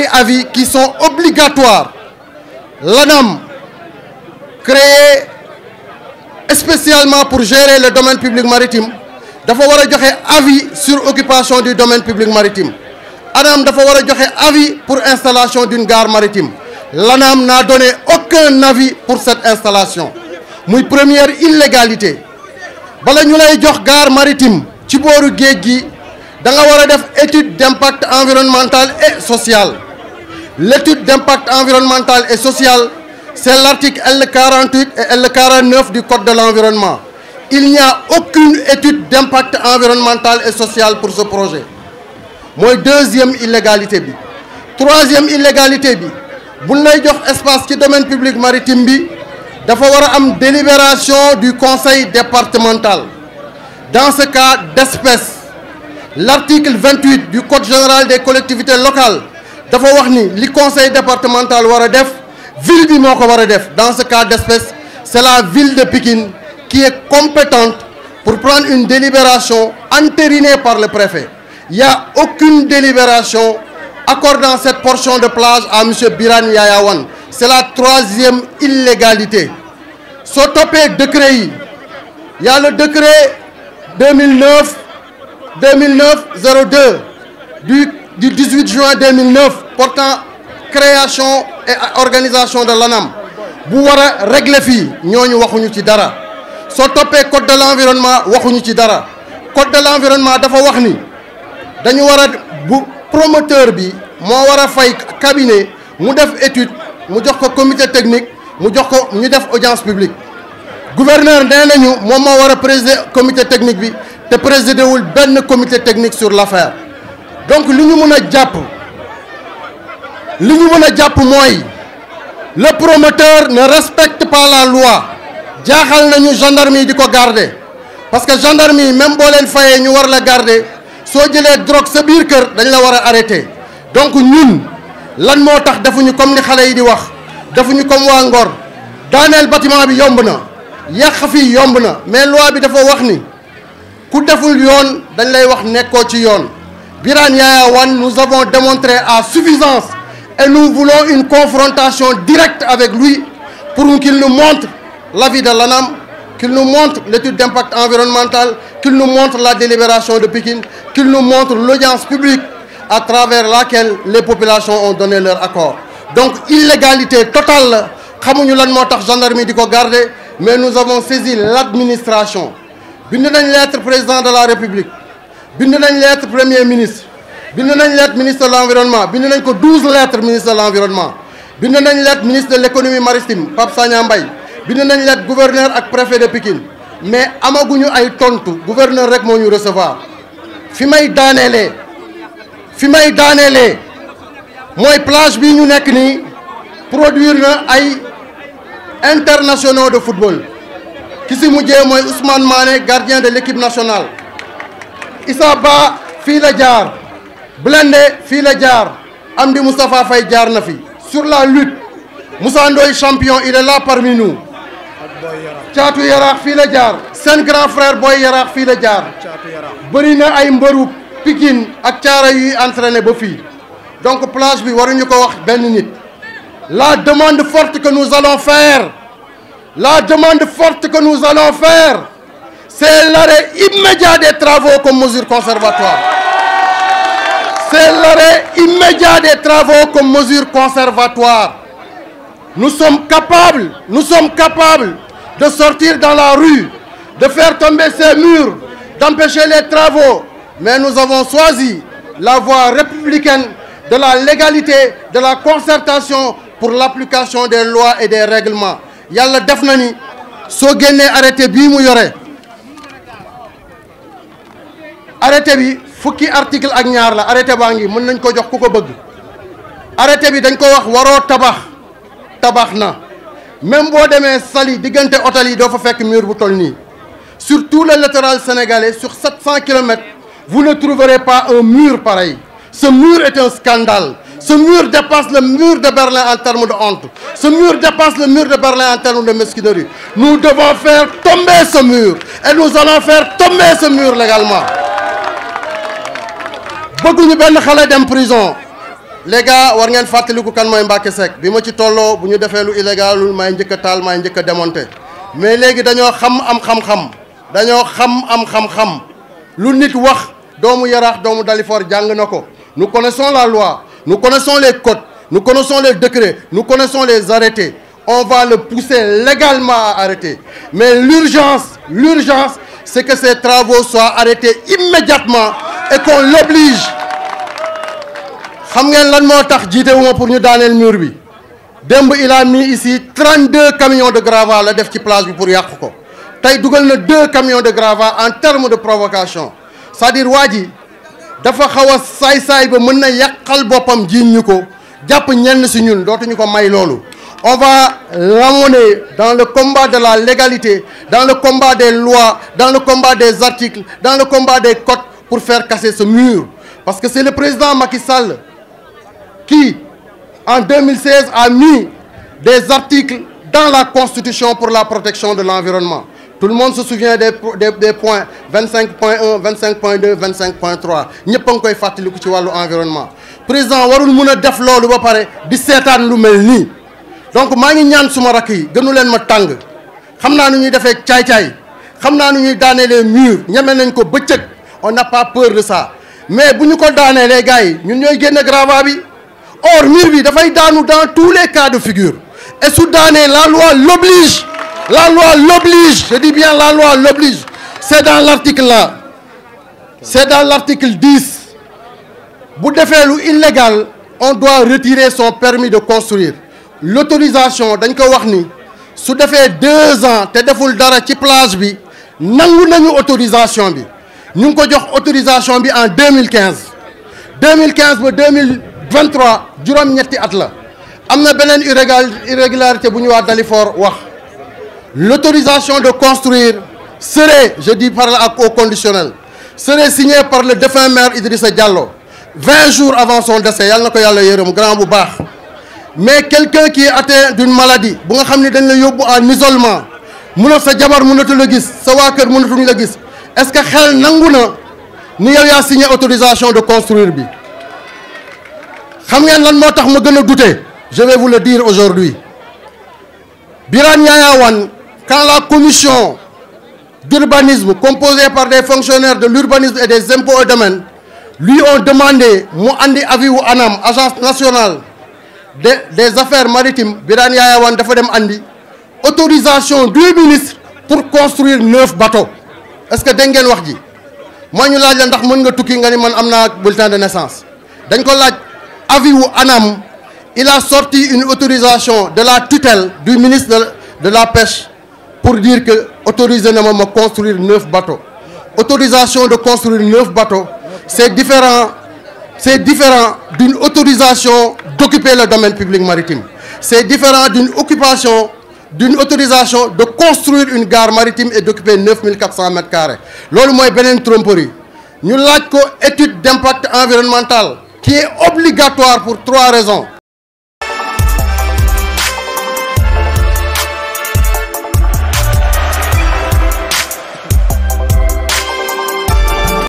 avis qui sont obligatoires l'ANAM créé spécialement pour gérer le domaine public maritime dafa donné avis sur occupation du domaine public maritime L'anam dafa avoir avis pour installation d'une gare maritime l'ANAM n'a donné aucun avis pour cette installation muy première illégalité si ñu gare maritime ci booru dans étude d'impact environnemental et social L'étude d'impact environnemental et social, c'est l'article L48 et L49 du Code de l'environnement. Il n'y a aucune étude d'impact environnemental et social pour ce projet. moi deuxième illégalité troisième illégalité bi vous lay espace qui domaine public maritime il faut avoir une délibération du conseil départemental dans ce cas d'espèce l'article 28 du code général des collectivités locales dafa wax ni le conseil départemental wara ville du moko dans ce cas d'espèce c'est la ville de Pékin qui est compétente pour prendre une délibération entérinée par le préfet il n'y a aucune délibération accordant cette portion de plage à M. Biran Yayawan c'est la troisième illégalité soo topé décret il y a le décret 2009 2009 02 du du 18 juin 2009 portant création et organisation de l'ANAM bu war régler fii ñooñu waxuñu ci dara soo toppee code de l'environnement waxuñu ci dara code de l'environnement dafa wax ni dañu war a bu promoteur bi moo war a fay cabinet mu def étude mu jox ko comité technique mu jox ko ñu def audience publique gouverneur nee nañu moom moo présider comité technique bi te présider le comité technique sur l'affaire donc ce ñu mën nous le promoteur ne respecte pas la loi Nous nañu gendarmerie garder parce que les même boo leen nous ñu war la garder nous jëlee drogue sa drogues, la arrêter donc nous, nous nous comme ni yi di wax defuñu comme waa Dans le bâtiment bi yomb na y nous yomb mais loi bi dafa wax ni ku deful Biran Yayawan, nous avons démontré à suffisance et nous voulons une confrontation directe avec lui pour qu'il nous montre l'avis de l'ANAM, qu'il nous montre l'étude d'impact environnemental, qu'il nous montre la délibération de Pékin, qu'il nous montre l'audience publique à travers laquelle les populations ont donné leur accord. Donc, illégalité totale, comme nous l'avons gendarmerie mais nous avons saisi l'administration Nous nañ lettre président de la République bind nañ lettre premier ministre bind nañ lettre ministre de l'Environnement, environnement bind nañ ko 12 lettres ministre de l'Environnement, environnement bind nañ lettre ministre de l'économie maritime Pape Sagna Mbaye bind nañ lettre gouverneur ak préfet de Pikine mais amaguñu ay tontu gouverneur rek moo ñu recevoir fi may daaneelee fi may daaneelee plage bi ñu nekk ni produire na ay internationaux de football ki si moi Ousmane Mané gardien de l'équipe nationale. Isaba Ba la Blende fi Amdi Moustapha Fay jaar na fi sur la lutte Moussa Ndoye champion il est là parmi nous Tiatou Yara fi la jaar sen grand frère Boy yara fi la jaar bari na ay Pikine ak donc place bi la demande forte que nous allons faire la demande forte que nous allons faire c'est l'arrêt immédiat des travaux comme mesure conservatoire. C'est l'arrêt immédiat des travaux comme mesure conservatoire. Nous sommes capables, nous sommes capables de sortir dans la rue, de faire tomber ces murs, d'empêcher les travaux. Mais nous avons choisi la voie républicaine de la légalité, de la concertation pour l'application des lois et des règlements. Yalla le la ni arrêté arrêté bi fukki article ak ñaar la arrêté baa ngi mën nañ ko jox kuko ko bëgg arrêté bi dañ ko wax waro tabax tabax na même bo démé sali un hôtel yi do fa fekk mur bu sur tout le littoral sénégalais sur 700 km, vous ne trouverez pas un mur pareil ce mur est un scandale ce mur dépasse le mur de Berlin en termes de honte ce mur dépasse le mur de Berlin en termes de mesquinerie nous devons faire tomber ce mur et nous allons faire tomber ce mur légalement bëgguñu benn xale dem prison les gars war ngeen fàttaliku kan que Mbacke Seck bi ma ci tolo, bu ñu defee lu illégalul may njëkk a taal may mais léegi dañoo xam am xam-xam dañoo xam am xam-xam lu nit wax doomu yaraax doomu Dalifort nous connaissons la loi nous connaissons les codes nous connaissons les décrets nous connaissons les arrêtés on va le pousser légalement à arrêter mais l'urgence l'urgence c'est que ces travaux soient arrêtés immédiatement et qu'on l'oblige vous savez lan que tax jiitewuma pour ñu le mur bi il a mis ici 32 camions de gravats la def ci place pour Yacouk ko tey dugal na deux camions de gravats en termes de provocation c'est-à-dire Wadi, dafa xaw a saay-saay ba mën na yàqal boppam jiiñ ñenn si ñun may on va l'amener dans le combat de la légalité, dans le combat des lois, dans le combat des articles, dans le combat des codes pour faire casser ce mur. Parce que c'est le président Macky Sall qui, en 2016, a mis des articles dans la Constitution pour la protection de l'environnement. Tout le monde se souvient des, points 25.1, 25.2, 25.3. ...n'y a fait de fatigue ci l'environnement... environnement président warul mun a def loolu ba pare di seetaan lu mel donc je ngi ñaan suma à yi gënu leen ma tàng nu ñuy nu ñuy mur on n'a pas peur de ça mais si nous ko les gars nous ñun des graves. or nous bi dans tous les cas de figure et sous la loi l'oblige la loi l'oblige je dis bien la loi l'oblige c'est dans l'article là c'est dans l'article 10 Pour faire illégal on doit retirer son permis de construire l'autorisation dañ ko wax Si su deux ans dara ci plage bi nañu autorisation bi nous avons ko l'autorisation en 2015 2015 ba 2023 durant ñetti at la irrégularité bu ñu l'autorisation de construire serait je dis par là au conditionnel serait signée par le défunt maire Idrissa Diallo 20 jours avant son décès grand mais quelqu'un qui est atteint d'une maladie bu nga un dañ la peut en isolement voir sa jabar mënatu la gis sa est-ce que xel nanguna signé autorisation de construire bi je vais vous le dire aujourd'hui biran Yawan, quand la commission d'urbanisme composée par des fonctionnaires de l'urbanisme et des impôts au domaine, lui ont demandé moi andi ANAM agence nationale des affaires maritimes biran autorisation du ministre pour construire neuf bateaux est-ce que vous avez wax ji Je ne sais la ndax mën nga bulletin de naissance dañ ko ANAM il a sorti une autorisation de la tutelle du ministre de la pêche pour dire que autorisé na à construire neuf bateaux autorisation de construire neuf bateaux c'est différent c'est différent d'une autorisation d'occuper le domaine public maritime c'est différent d'une occupation d'une autorisation de construire une gare maritime et d'occuper 9400 mètres carrés loolu mooy une tromperie Nous laaj une étude d'impact environnemental qui est obligatoire pour trois raisons